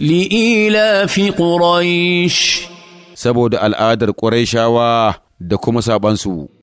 Li'i lafi Quraysh saboda al'adar Qurayshawa da kuma sabansu.